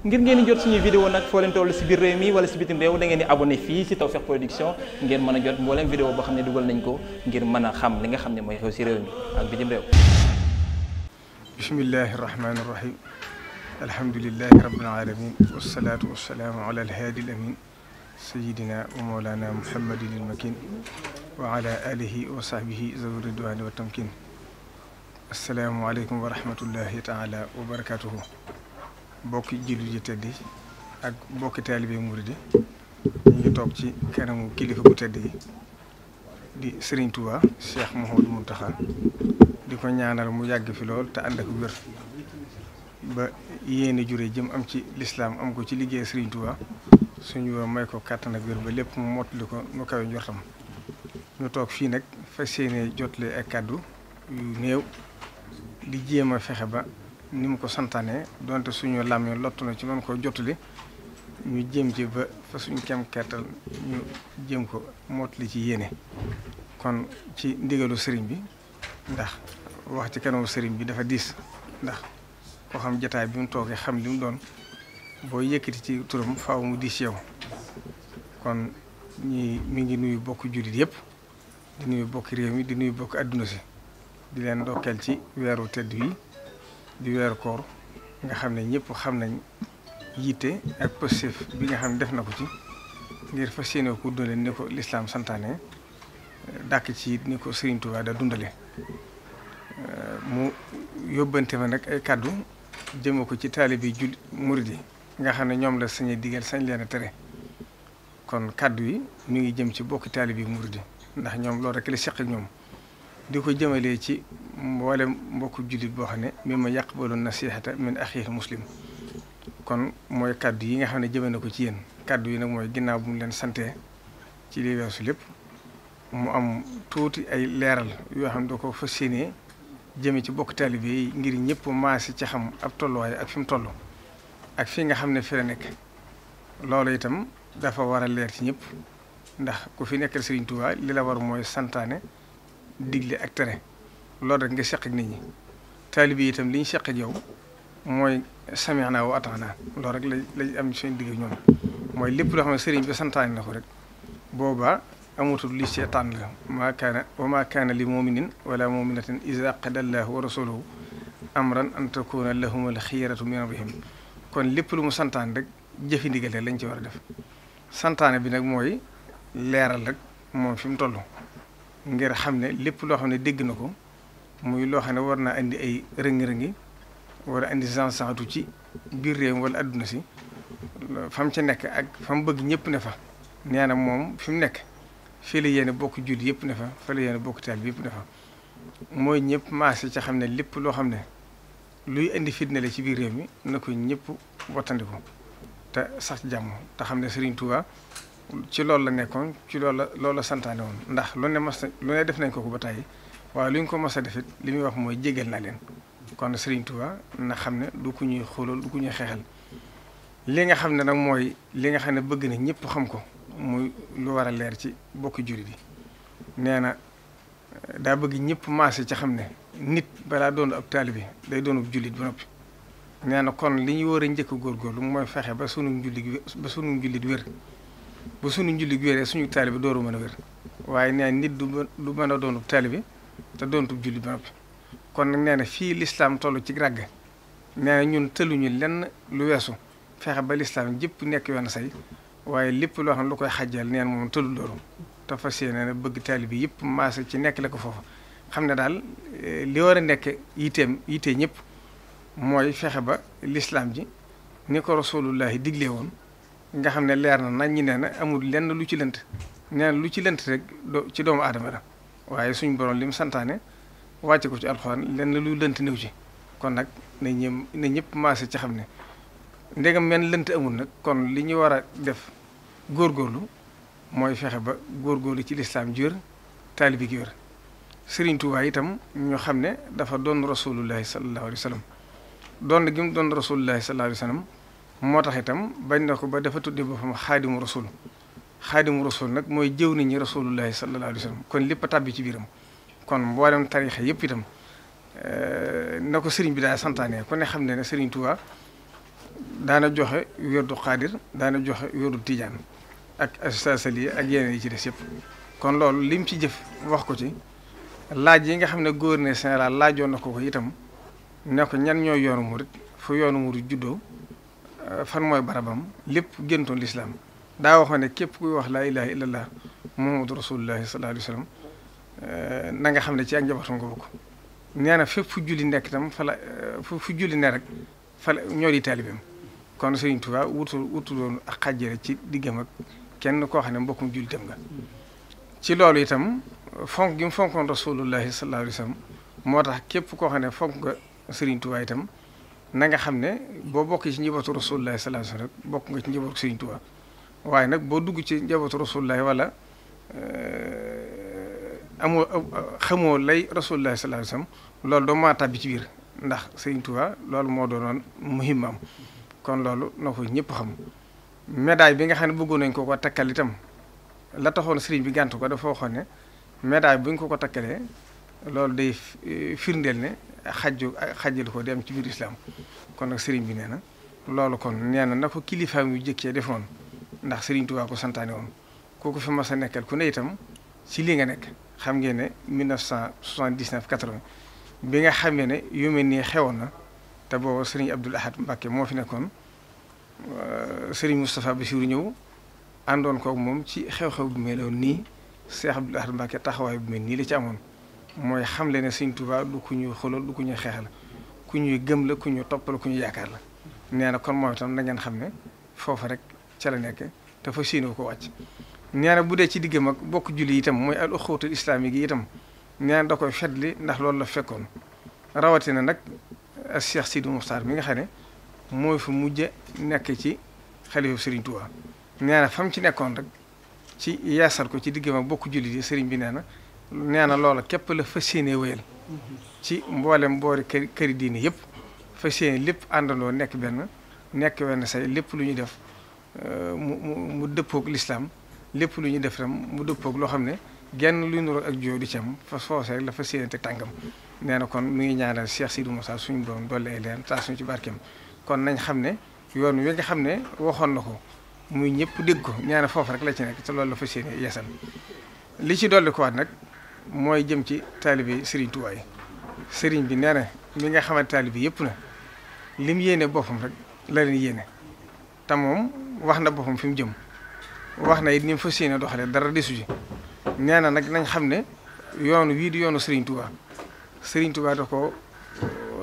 ngir ngeen di jot ñu vidéo nag foo leen si biir réew mi wala si bitim réew da ngeen di fii si Tawfekh Production ngeen mën a jot mbooleem vidéo boo xam ne dugal nañ ko ngir mën a xam li nga xam ne mooy xew si réew mi ak bitim réew bismillahi rahmani rahim alhamdulilahi rabbil alamin wasalaatu wasalaamu ala alhaadi alamin sayidina wa mawlana muhammadin almakin wa ala alihi wa sahbihi zawi ridwani wa tamkin asalaamaaleykum wa rahmatullahi taala wa barakatuhu bokki jullit yi tedd yi ak bokki taalibe murid yi ñu ngi toog ci kanamu kilifa bu tedd yi di Serigne Touba Cheikh mu Mountakha di ko ñaanal mu yàgg fi lool te ànd ak wér ba yéene jure jëm am ci lislaam am ko ci liggéey Serigne Touba suñu may ko kàttan ak wér ba lépp mu mottali ko mu kawe njortam ñu toog fii nag fas yéene jotle ak kàddu yu néew di jéem a fexe ba ni mu ko santaane donte suñu làmmee lott na ci mën koo jottali ñu jëm ci ba fa suñu kem kertal ñu jëm ko mottali ci yéene kon ci ndigalu sëriñ bi ndax wax ci kanamu sëriñ bi dafa diis ndax koo xam jataay bi mu toogee xam li mu doon boo yëkkati ci turam faw mu diis yow kon ñi mu ngi nuyu bokk jullit yëpp di nuyu bokk réew mi di nuy bokk àdduna si di leen ndokkeel ci weeru tedd wi di weer koor nga xam ne ñëpp xam nañ yitte ak positif bi nga xam ne def na ko ci ngir fas yéene ko dundale ni ko lislaam santaane dàkk ci ni ko Sëriñ Tuubaa da dundale mu yóbbante ma nag ay kàddu jëme ko ci taalibi jul murid nga xam ne ñoom la sañe digal sañ leen tere kon kàddu yi ñu ngi jëm ci bokki taalibi murid yi ndax ñoom loolu rek la seq ñoom di ko jëmalee ci wala mbokku jullit boo xam ne yàq mimma yaqbalu nasihata min axihi muslim kon mooy kàddu yi nga xam ne jëme na ko ci yéen kàddu yi nag mooy ginnaaw bu mu leen sante ci li weesu lépp mu am tuuti ay leeral yoo xam ne da ko fas yéenee jëme ci bokk taalibe yi ngir ñëpp maasi ci xam ab tolluwaay ak fi mu toll ak fi nga xam ne fi la nekk loolu itam dafa war a leer ci ñëpp ndax ku fi nekkal Sëriñ Tuubaa li la war mooy santaane digle ak tere loolu rek nga seq ak nit ñi taalibe itam li ñu seq ak yow mooy sami'naa wa ata'naa loolu rek lañ lañ am seen digg ñoom mooy lépp loo xam ne sëriñ na ko rek boobaa amatul li ci tànn la maa kaana wa maa kaana li mu'minin wala mu'minatin izaa qadaa llaahu wa rasuluhu amran an takuuna lahumul xiyaratu min amrihim kon lépp lu mu santaane rek jëfi ndigal lañ ci war a def santaane bi nag mooy leeral rek moom fi mu toll ngir xam ne lépp loo xam ne dégg na ko muy loo xam ne war naa indi ay rëngi-rëngi war a indi sansatu ci biir réew wala si fam ca nekk ak fam bëgg ñëpp ne fa nee na moom fi mu nekk fii la bokk julli yëpp ne fa fa la yéen bokk bi yëpp ne mooy ñëpp maase ca xam ne lépp loo xam ne luy indi fitna la ci biir réew mi na ko ñëpp wattandiku te sax jàmm te xam ne Serigne Touba ci loolu la nekkoon ci loolu la lool la santaane woon ndax lu ne mas lu ne def nañ ko ko ba tàyyi waaye lu ñu ko mas a defit li muy wax mooy jégal na leen kon seriñ Touba na xam ne du ku ñuy xoolal du ku ñuy xeexal li nga xam ne nag mooy li nga xam ne bëgg na ñëpp xam ko muy lu war a leer ci bokki juri bi nee na daa bëgg ñëpp maase ci xam ne nit balaa doon ab taalibe day doon ab jullit ba noppi nee na kon li ñu war a njëkk a góorgóorlu mooy fexe ba sunu njullit ba sunu njullit wér bu suñu njulli gi suñu taalibe dooru mën a wér waaye nee nit du du mën a doonub taalibe te doonutub julli ba noppi kon nag nee na fii lislaam toll ci ràgg nee na ñun tëluñu lenn lu weesu fexe ba lislaam jëpp nekk yoon say waaye lépp loo xam lu koy xajjal neen moom tëlu loolu te fas yéene na bëgg taalibe yëpp maase ci nekk ko foofu xam ne daal eh, li war a nekk yiteem yite ñëpp mooy fexe ba lislaam ji ni ko rasulullahi digle woon nga xam ne leer na nañ ñi nee na amul lenn lu ci lënt nee lu ci lënt rek ci doomu aadama la waaye suñ borom li mu santaane wàcce ko ci alxuraan lenn lu lënt néew ci kon nag na ñëm ñëpp maase ci xam ne ndegam men lënt amul nag kon li ñu war a def góorlu mooy fexe ba góorgóorlu ci lislaam ji wér taalibi gi wér sëriñ itam ñu xam ne dafa doon rasulullahi sallallahu alayhi wa sallam doon gi mu doon rasulullahi sallallahu alayhi wa moo tax itam bañ na ko ba dafa tudde boppam xaadimu rasul xaadimu rasul nag mooy jëw nit ñi rasulullahi sallallahu alayhi wa sallam kon lépp tàbbi ci biiram kon mboolem tarixa yëpp itam eh, na ko sëriñ bi daa santaane ku ne xam ne ne sëriñ Tuubaa daana joxe wérdu xaadir daana joxe wérdu tijaan ak astasali ak yeneen yi ci des yëpp kon loolu lim ci jëf wax ko ci laaj yi nga xam ne gouverneur général laajoo na ko ko itam ne ko ñan ñooy yoonu murit yoonu murit juddoo Euh, fan mooy barabam lépp géntoon lislaam daa waxoon ne képp kuy wax laa ilaha illallah muhammadu rasulullahi sallallahu alayhi wa euh, na nga xam ne ci ak njabootam nga bokk nee na fépp julli nekk euh, rek fa la ñoo di taalibeem kon Sëriñ Tuubaa ci diggam ak kenn koo ne mbokkum jullitam nga ci loolu itam fonk gi mu fonkoon moo tax képp koo xam ne fonk nga Sëriñ Tuubaa itam na nga xam ne boo bokkee ci njabootu rasulullah sallallahu rek bokk nga ci njabootu Serigne Touba waaye nag boo dugg ci njabootu rasulullah wala eh, amoo xamoo lay rasulullah sallallahu loolu doo maa tàbbi ci biir ndax Serigne Touba loolu moo doonoon muhimmam kon loolu noo ko ñëpp xam médaille bi nga xam ne bëggoon nañ ko ko takkal itam la taxoon sëriñ bi gànt ko dafa waxoon ne médaille bu ñu ko ko takkalee. loolu day eh, firndeel ne xajju xajalu ko dem ci biir islam kon nag sëriñ bi nee na loolu kon nee na na ko kilifaam yu jëkkee defoon ndax sëriñ Tuubaa ko santaane woon kooku fi ma sa nekkal ku ne itam ci lii nga nekk xam ngeen ne 1979 80 bi nga xamee ne yu mel nii xewoon na te booba sëriñ Abdul Ahad Mbacke moo fi nekkoon euh, sëriñ Moustapha Bassirou ñëw àndoon koog moom ci xew-xew bu meloon nii Cheikh Abdul Ahad Mbacke taxawaay bu mel nii la ci amoon. mooy xam le ne sëñ Tuubaa du ku ñuy xoolal du ku ñuy xeexal ku ñuy gëm la ku ñuy toppal ku ñuy yaakaar la nee na kon moom itam da ngeen xam ne foofa rek ca la nekk dafa fa siinoo ko wàcc. nee bu dee ci diggam ak bokk julli itam mooy al uxuwatul islamique yi itam nee da koy fetli ndax loolu la fekkoon rawatina nag eh, Cheikh Sidi Moustar mi nga xam ne mooy fa mujj nekk ci xalifa Serigne Touba. nee ci nekkoon rek ci yeesal ko ci diggam ak bokk julli yi bi nee na. nee na loola képp la fas yéene wéyal ci mboole boori kër këri diine yëpp fas yéene lépp àndandoo nekk benn nekk wenn say lépp lu ñuy def euh, mu mu mu dëppoog lislaam lépp lu ñuy def tam mu dëppoog loo xam ne genn luy nuroo ak joo du ci am fa soose rek la fas yéene te tàngam nee na kon mu ngi ñaanal Cheikh Sidou suñu doom doole ay leen saa suñu ci barkem kon nañ xam ne yoon wi nga xam ne waxoon na ko muy ñëpp dégg ko ñaanal foofu rek la ci nekk te loolu la fas yéene yeesal li ci dolli ko waat nag mooy jëm ci taalibe Serigne Touba yi bi nee na mi nga xamante taalibe yëpp na lim yéene boppam rek la leen yéene te moom wax na boppam fi mu jëm wax na it ni mu fas yéene dara desu ji nag nañ xam ne yoon wii di yoonu Serigne Touba Serigne Touba da ko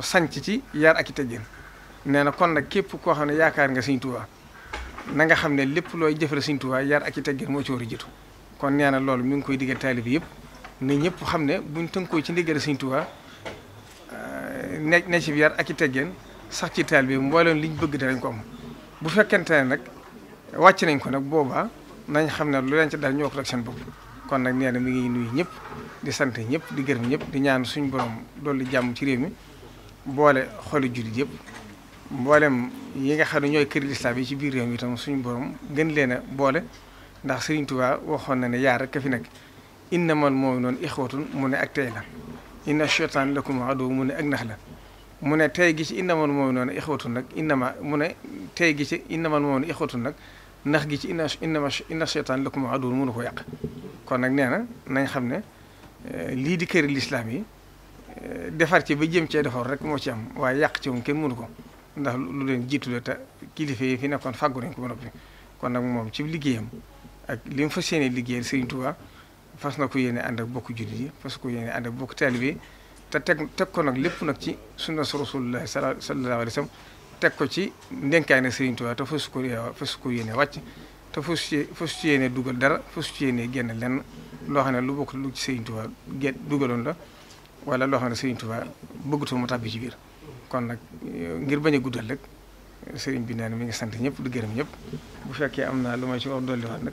sanc ci yaar ak i teggin nee na kon nag képp koo xam ne yaakaar nga Serigne Touba na nga xam ne lépp looy jëfale Serigne Touba yar ak i teggin moo ci war a jiitu kon nee na loolu mi ngi koy digal taalibe yëpp. ne ñëpp xam ne buñ tënkoo ci ndigal Sëriñ Tuubaa eh, ne ne ci yar ak i teggeen sax ci taal bi mbooleem liñ bëgg danañ ko am bu fekkente ne nag wàcc nañ ko nag boobaa nañ xam ne lu leen ci dal ñoo ko rek seen bopp kon nag nee na mi ngi nuyu ñëpp di sant ñëpp di gërëm ñëpp di ñaan suñu borom dolli jàmm ci réew mi boole xoli jullit yëpp mboolem yi nga xam ne ñooy kër lislaam yi ci biir réew mi itam suñu borom gën leen a boole ndax Sëriñ Tuubaa waxoon na ne yaar rek fi nekk innamal mu'minuuna ixwatun mu ne ak tey la inna sheytaan lakum aduwwun mu ne ak nax la mu ne tey gi ci innamal mu'minuuna ixwatun nag innama mu ne tey gi ci innamal mu'minuuna ixwatun nag nax gi ci inna innama inna sheytaan lakum aduwwun mënu ko yàq kon nag nee na nañ xam ne eh, lii di kër lislaam yi eh, defar ci ba jëm cee defar rek moo ci am waaye yàq ci moom kenn mënu ko ndax lu leen jiitu la te kilifa yi fi nekkoon fàggu nañ ko ba kon nag moom ci liggéeyam ak li mu fas yéene Sëriñ Tuubaa fas na ko yéene ànd ak bokk jullit yi fas ko yéene ànd ak bokk taalibe te teg teg ko nag lépp nag ci sunna su rasulullah sallallahu alayhi wa sallam teg ko ci ndenkaay na Serigne Touba te fas ko fas ko yéene wàcc te fas ci fas ci yéene dugal dara fas ci yéene génn lenn loo xam ne lu bokk lu ci Serigne Touba gén dugaloon la wala loo xam ne Serigne Touba bëggatoo mu tàbbi ci biir kon nag euh, ngir bañ a guddal rek Serigne bi naan mi ngi sant ñëpp di gërëm ñëpp bu fekkee am naa lu ma ci wax dolliwaat nag.